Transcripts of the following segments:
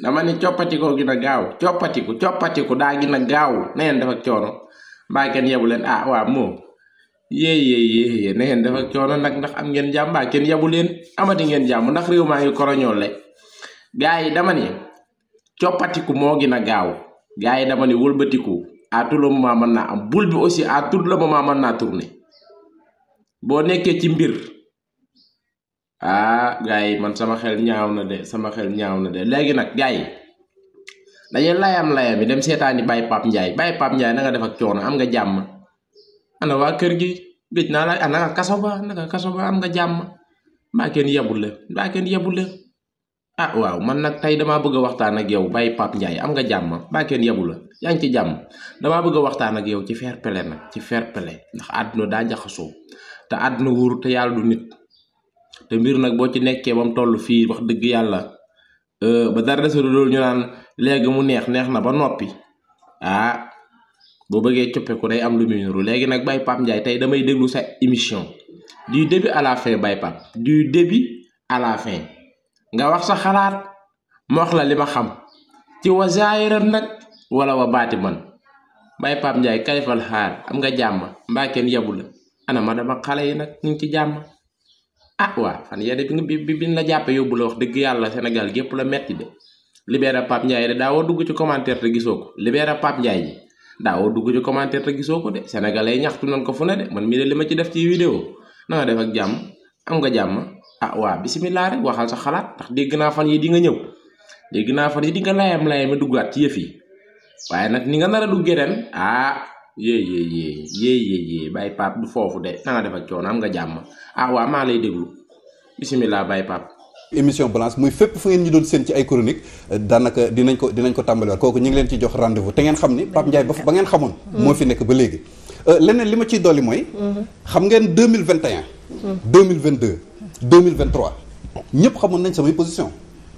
dama ni coppatiku gina na gaaw coppatiku coppatiku daa da gina gaaw nen dafa coono ba ken yebu leen ah wa moom ye ye ye ye nen dafa coono nag ndax am ngeen jàmm mbaa kan kenn yebu leen amati ngeen jàmm ndax réew maa ngi koroñool le gaa yi dama ni coppatiku moo mo gina gaaw gaa dama ni wëlbatiku à tout le moment mën am bul bi aussi à tout ma moment mën tourner boo nekkee ci mbir ah gars yi man sama xel ñaaw na de sama xel ñaaw na de léegi nag gaay yi dañuy layam layam bi dem seetaani Baye Pape njaay Baye Pape njaay nanga nga def ak am nga jàmm ana waa kër gi gëj naa la ana kaso ba naka ba am nga jàmm mbaa kenn yebul la mbaa kenn yebul ah, waaw man nag tey damaa bëgg waxtaan ak yow Baye Pape Ndiaye am nga jàmm mbaa kenn la yaa ngi ci jàmm dama bëgga waxtaan ak yow ci fair play nag ci fair play ndax àdduna daa jaxasoo te àdduna wóoru te yàlla du nit te mbir nag boo ci nekkee bam toll fii wax dëgg yàlla euh, ba dara desul loolu ñu naan léegi mu neex neex na ba noppi ah boo bëggee ko day am lu muy nuru léegi nag bay pap Ndiaye tey damay déglu sa émission du début à la fin bay pap du début à la fin nga wax sa xalaat ma wax la li ma xam ci wa zaayiran nag wala wa baati man bay pap Ndiaye kalifal xaar am nga jàmm mbaa kenn yabu la ana ma dama xale yi nag ñu ngi ci jàmm ah wa fan ya de bi bi la jàppe yóbbu la wax deug yalla sénégal gep la metti dé libéra pap ndiaye da daawoo dugg ci commentaire té gisoo libéra pap ndiaye ji daawoo dugg ci commentaire té gisoo dé de sénégalais ñaxtu nañ ko fu né dé man mi de lima ci def ci vidéo na nga def ak jàmm am nga jàmm ah, ah wa bismillah rek waxal sa xalaat tax dégg na fan yi di nga ñew dégg na fan yi di nga layam layami duggaat ci yëf yi waye nak ni nga nara a ren ah yée yée yée yée yée yée Baye Pape du foofu de na nga def ak coono am nga jàmm ah waa maa lay déglu bisimilah Baye Pape. émission balance muy fépp fu ngeen ñu doon seen ci ay chronique daanaka dinañ ko dinañ ko tàmbaliwaat kooku ñu ngi leen ci jox rendez-vous te ngeen xam ni Pape Ndiaye ba ba ngeen xamoon. moo fi nekk ba léegi. Euh, leneen li ma ciy dolli mooy. xam ngeen deux mille vingt et un. deux mille vingt deux. deux mille vingt trois. ñëpp xamoon nañ samay position.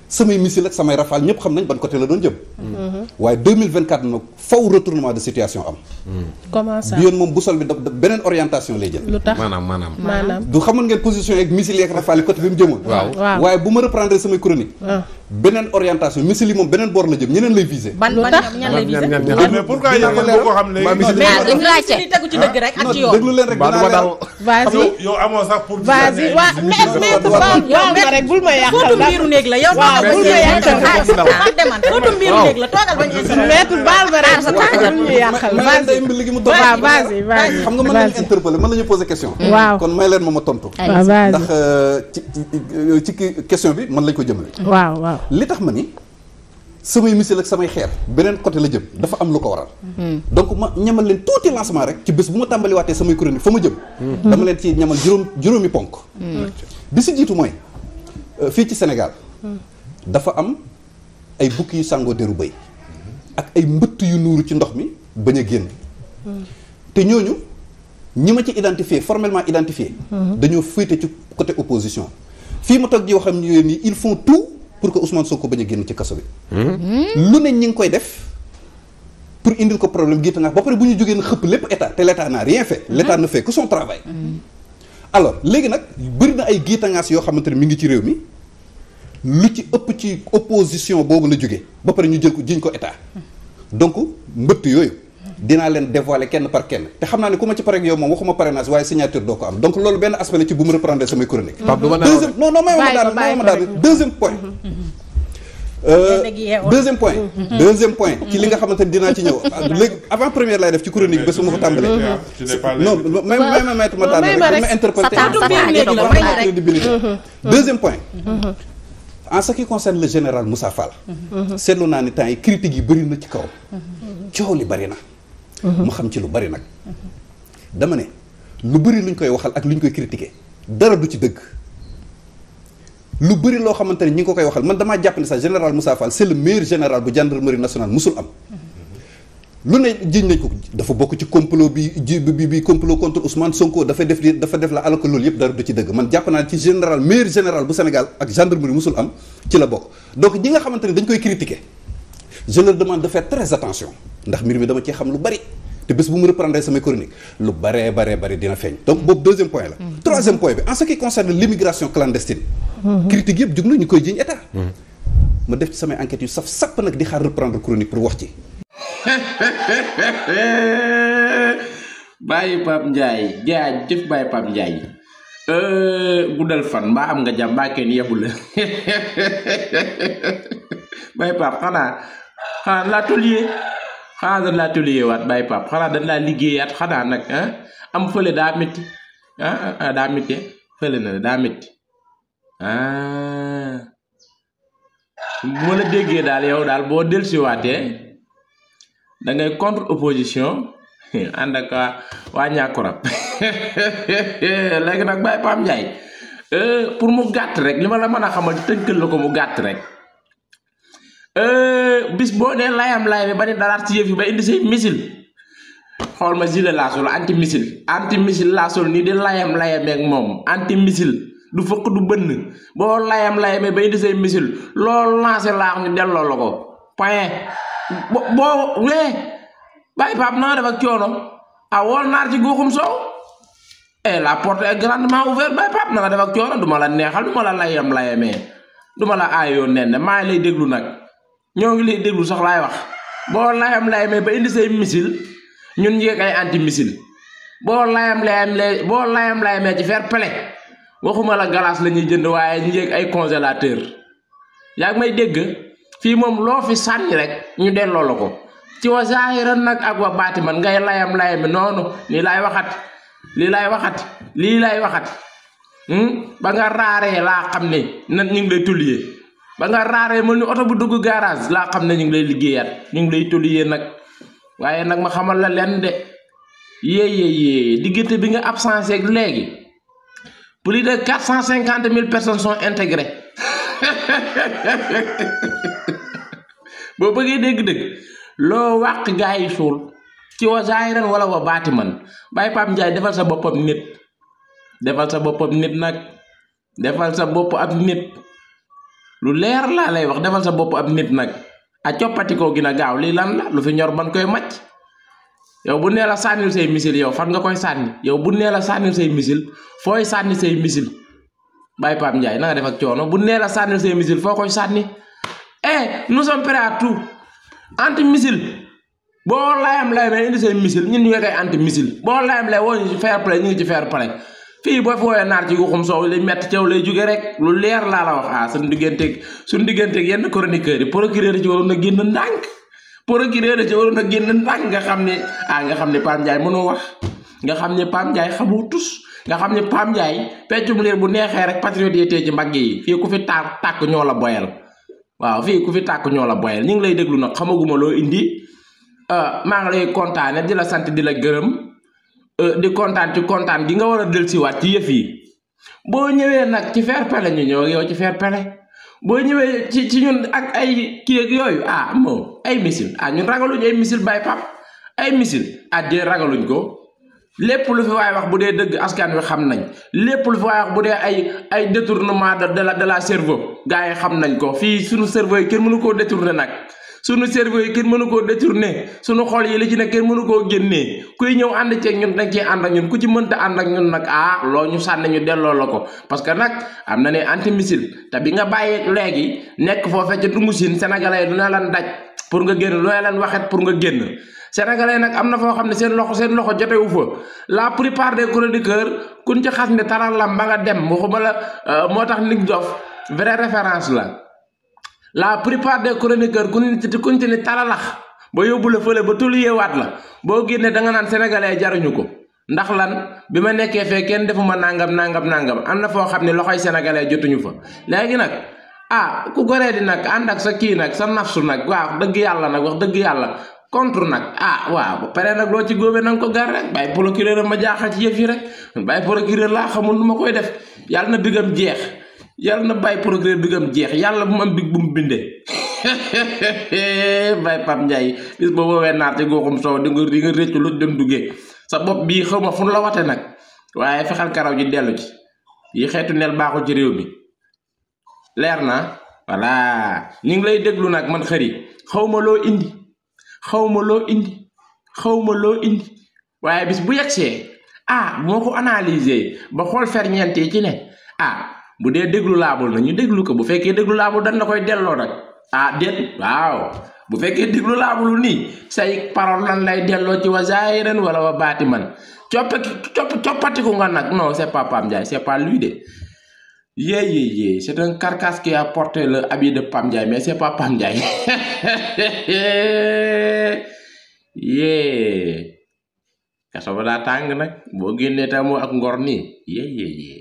samay missile ak samay rafale ñëpp xam nañ ban côté la doon jëm. Mhm. waaye 2024 nag faw retournement de situation am. Mhm. comment ça bi yoon moom bi da beneen orientation lay jël. lu tax maanaam maanaam. maanaam du xamoon ngeen position yeeg missile yeeg rafale côté bi mu jëmoon. waaw waaye bu ma reprendre samay chronique. Ah. beneen orientation Misili moom beneen boor la jëm ñeneen lay visé. ban ban ñan lay visé mais pourquoi yéen ko xam léegi. mais tegu ci dëgg rek ak ci yoon. déglu leen rek dinaa leeral. vas-y yow amoo sax pour. vas-y waaw mais mais que Ba. yow mais rek bul ma yàqal la mbiru néeg la yow. waaw bul ma yàqal la ah si ma deman footu mbiru néeg la toogal bañ a. maître baal ma rek bul ma yàqal la. vas-y day mbi li mu tontu. waaw vas-y vas-y xam nga mën nañu interpeller mën nañu poser question. waaw kon may leen ma ma tontu. ndax ci ci question bi mën lañ ko jëmale. waaw waaw li tax ma ni samay misil ak samay xeer beneen côté la jëm dafa am lu ko waral. donc ma ñamal leen tuuti lancement rek ci bés bu ma tàmbaliwaatee samay chronique fa ma jëm. dama leen ci ñamal juróomi ponk. bi si jiitu mooy euh, fii ci Sénégal. dafa am ay bukki yu sàngoo deru bëy ak ay mbëtt yu nuuru ci ndox mi bañ a génn. te ñooñu ñi ma ci identifié formellement identifié. dañoo féete ci côté opposition. fii ma toog di wax ak nii ils font tout. pour que Ousmane Sonko bañ a génn ci kaso bi. Hmm? Hmm? lu ne ñi ngi koy def pour indil ko problème gii nga ba pare bu ñu jógee na xëpp lépp état te l' état n'a rien fait. l' état hmm? fait que son travail. alors léegi nag bëri na ay giitangaas yoo xamante ne mi ngi ci réew mi lu ci ëpp ci opposition boobu la jógee ba pare ñu jël ko jiñ ko état donc mbëtt yooyu. dinaa leen dévoiler kenn par kenn te xam naa ne ku ma ci pare yow moom waxuma parrainage waaye signature doo ko am donc loolu benn aspect la ci bu mu reprendre samay chronique deuxième non non may wax ma daal may wax ma daal deuxième point mm-hmm. euh, deuxième point mm-hmm. deuxième point mm-hmm. ci li nga xamante ni dinaa ci ñëw ah, léegi avant première lay def ci chronique ba su ma ko tàmbalee non may may ma mettre ma tànn rek ma interpréter crédibilité deuxième point en ce qui concerne le général Moussa Fall seetlu naa ne temps yi critiques yi bëri na ci kaw coow li bëri na mu xam ci lu bari nag dama ne lu bari luñ koy waxal ak lu luñ koy critiquer dara du ci dëgg lu bari loo xamante ne ñi ngi ko koy waxal man dama jàpp ne sax général Moussa Fall c'est le meilleur général bu gendarmerie nationale musul am lu ne jiñ nañ ko dafa bokk ci complot bi ji bi bi complot contre Ousmane Sonko dafa def li dafa def la alors que loolu yëpp dara du ci dëgg man jàpp naa ci général meilleur général bu Sénégal ak gendarmerie musul am ci la bokk donc ñi nga xamante ne dañ koy critiquer je leur demande de faire très attention ndax mbir mi dama cee xam lu bari te bés bu mu reprendre samay chroniques, lu baree baree bari dina feeñ donc boobu deuxième point là. Hmm. troisième point en ce qui concerne l'immigration clandestine hmm. critique yëpp jug na ñu koy jiñ état hmm. ma def ci samay enquêtes yu saf sàpp nag di xaar reprendre chronique pour wax ci bàyyi Pape Ndiaye gars jëf bàyyi pap Ndiaye Eh, guddal fan mbaa am nga jàmm mbaa kenn yebu la bay pap xanaa xanaa waat bay pap xanaa dañ laa liggéeyaat nag am fële daa métti ah daa métti fële na daa métti ah bu ma la déggee daal yow daal boo dellusiwaatee da ngay contre opposition ànd ak waa ñàkkurab léegi nag Baye Pam Ndiaye euh, pour mu gàtt rek li ma la mën a xam tënkal la ko mu gàtt rek euh, bis boo dee layam lay bi ba ne dalaat ci yëf yi ba indi say missile xool ma gilet laa anti missile anti missile laa nii di layam layamee moom anti missile du fëkk du bënn boo layam layamee ba indi say missile loolu lancé laa ñu delloo la ko point bo boo wee Baye Pam naa def ak coono a ah, wool naar ci guuxum soow et eh, la porte est grandement ouverte bay pap na nga def ak coono du ma la neexal du ma la layam layamee du ma la aayoo nen ne maa ngi lay déglu nag ñoo ngi lay déglu sax laay wax boo layam layamee ba indi say missile ñun ñu ay anti missile boo layam layam lee boo layam layamee ci fair play waxuma la glace la ñuy jënd waaye njéeg ay congélateur yaa ngi may dégg fii moom loo fi sànni rek ñu delloo la ko ci wa zaahiran nag ak wa baati ngay layam layami noonu nii laay waxat lii laay waxat lii laay waxat hmm? ba nga raaree laa xam ne nan ñu ngi lay tulliyee ba nga raaree mel ni oto bu dugg garage laa xam ne ñu ngi lay liggéeyaat ñu ngi lay tulliyee nag waaye nag ma xamal la leen de yee yee diggante bi nga absence ak léegi plus de quatre cent cinquante mille personne sont intégrées boo bëggee dégg-dégg loo wàq gaa yi suur ci wa zaahiran wala wa baati man Pape Ndiaye defal sa boppam nit defal sa boppam nit nag defal sa bopp ab nit lu leer laa lay wax defal sa bopp am nit nag a coppatikoo gi na gaaw lii lan la lu fi ñor ban koy macc yow bu nee la sànnil say missile yow fan nga koy sànni yow bu nee la sànnil say missile fooy sànni say missile Baye Pape Ndiaye na nga ak coono bu nee la sànnil say missile foo koy sànni eh nous sommes prêts anti missile boo layam lay ba indi say missile ñun ñu anti missile boo layam lay woo ñu ci fair play ñu ngi ci fair play fii boo fi woowee naar ci guxum soow lay metti caw lay jóge rek lu leer laa la wax ah suñu digganteeg suñu digganteeg yenn chroniqueurs yi procureur yi ci waroon a génn ndànk procureur yi ci waroon a génn ndànk nga xam ne ah nga xam ne Pam Ndiaye mënoo nga xam ne Pam Ndiaye xamoo tus nga xam ne Pam Ndiaye peccum liir bu neexee rek patriote yi tee ci mbagg fii ku fi taar tàkk ñoo la boyal waaw fii ku fi tàkk ñoo la boyal ñu ngi lay déglu nag xamaguma loo indi Euh, maa ngi lay kontaane di la sant di la gërëm euh, di kontaan ci kontaan gi nga war a dellusiwaat ci yëf yi boo ñëwee nag ci fair play ñu ñëw yow ci fair play boo ñëwee ci ci ñun ak ay kii yooyu ah moom ay missile ah ñun ragaluñ ay missile bay pap ay missile ah dee ragaluñ ko lépp lu fi waay wax bu dee dëgg askan wi xam nañ lépp lu fi waay wax bu dee ay ay détournement de la de la cerveau gars yi xam nañ ko fii suñu cerveau yi kenn mënu koo détourné nag. sunu cerveau yi kenn mënu ko détourner sunu xol yi li ci ne kenn mënu ko génné kuy ñew and ci ñun dañ ci and ak ñun ku ci mënta and ak ñun nak ah lo ñu sann ñu délo lako parce que nak amna né anti missile ta bi nga bàyyee nek nekk foofee ci dungu sin sénégalais dina lan daj pour nga génn lo lan waxet pour nga génn sénégalais nak amna fo xamné sen loxo sen loxo jotté wu fa la plupart des chroniqueurs kun ci xass né taral ba nga dem waxuma la euh, motax dof vraie référence la la plupart des chroniqueurs ku ñu ci kuñ ci ni talalax ba yóbbu la fële ba tulliyeewaat la boo génnee danga naan sénégalais jaruñu ko ndax lan bi ma nekkee fee kenn defuma nàngam nangam nangam am na foo xam ne loxoy sénégalais jotuñu fa léegi nag ah ku goree di nag ànd ak sa kii nag sa nafsu nag waaw dëgg yàlla nag wax dëgg yàlla contre nag ah waaw ba pare nag loo ci góobee na nga ko gar rek bàyyi procureur ma jaaxal ci yëf yi rek bàyyi procureur laa xamul nu ma koy def yàlla na bigam jeex yàlla na bàyyi progrès bi gam jeex yàlla bu mu am dig bu mu bindee bàyyi Pape Ndiaye bis boo woowee naate gooxum soow di nga di lu dem duggee sa bopp bii xaw ma fu la wate nag waaye fexal karaw ji dellu ci yi xeetu neel baaxul ci réew mi leer na voilà ñu ngi lay déglu nag man xëri xaw ma loo indi xaw ma loo indi xaw loo indi waaye bis bu yegsee ah bu ma ko analyser ba xool ferñeent yi ci ne ah bu dee déglu laabul na ñu déglu ko bu fekkee déglu laabul dañ la koy delloo nag ah déet waaw bu fekkee déglu laabulu nii say parole lan lay delloo ci wa zahiran wala wa batiman coppati ko nga nag non c'est pas Pam Ndiaye c'est pas lui de Yeah, yeah, yeah. est un carcasse qui a porté le habit de Pam Ndiaye, mais est pas Pam Ndiaye. yeah. Kasoba daa tàng nag boo génnee tamu ak ngor ni. Yeah, yeah, yeah.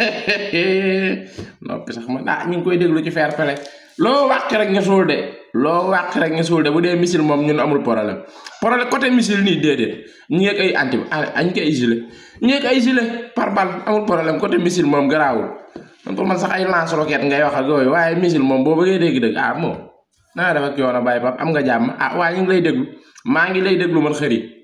noppi sax man ah ñu ngi koy déglu ci fair play loo wàq rek nga suul de loo wàq rek nga suul de bu dee missile moom ñun amul problème problème côté missile nii déedéet ah, ah, ñu ngi ay anti añ ko ay gilet par balle amul problème côté missile moom garaawul man pour man sax ay lance roquette ngay wax ak yooyu waaye missile moom boo bëggee dégg dëgg ah moom naa def ak yoon a bàyyi ba am nga jàmm ah waaye ñu ngi lay déglu maa ngi lay déglu man xëri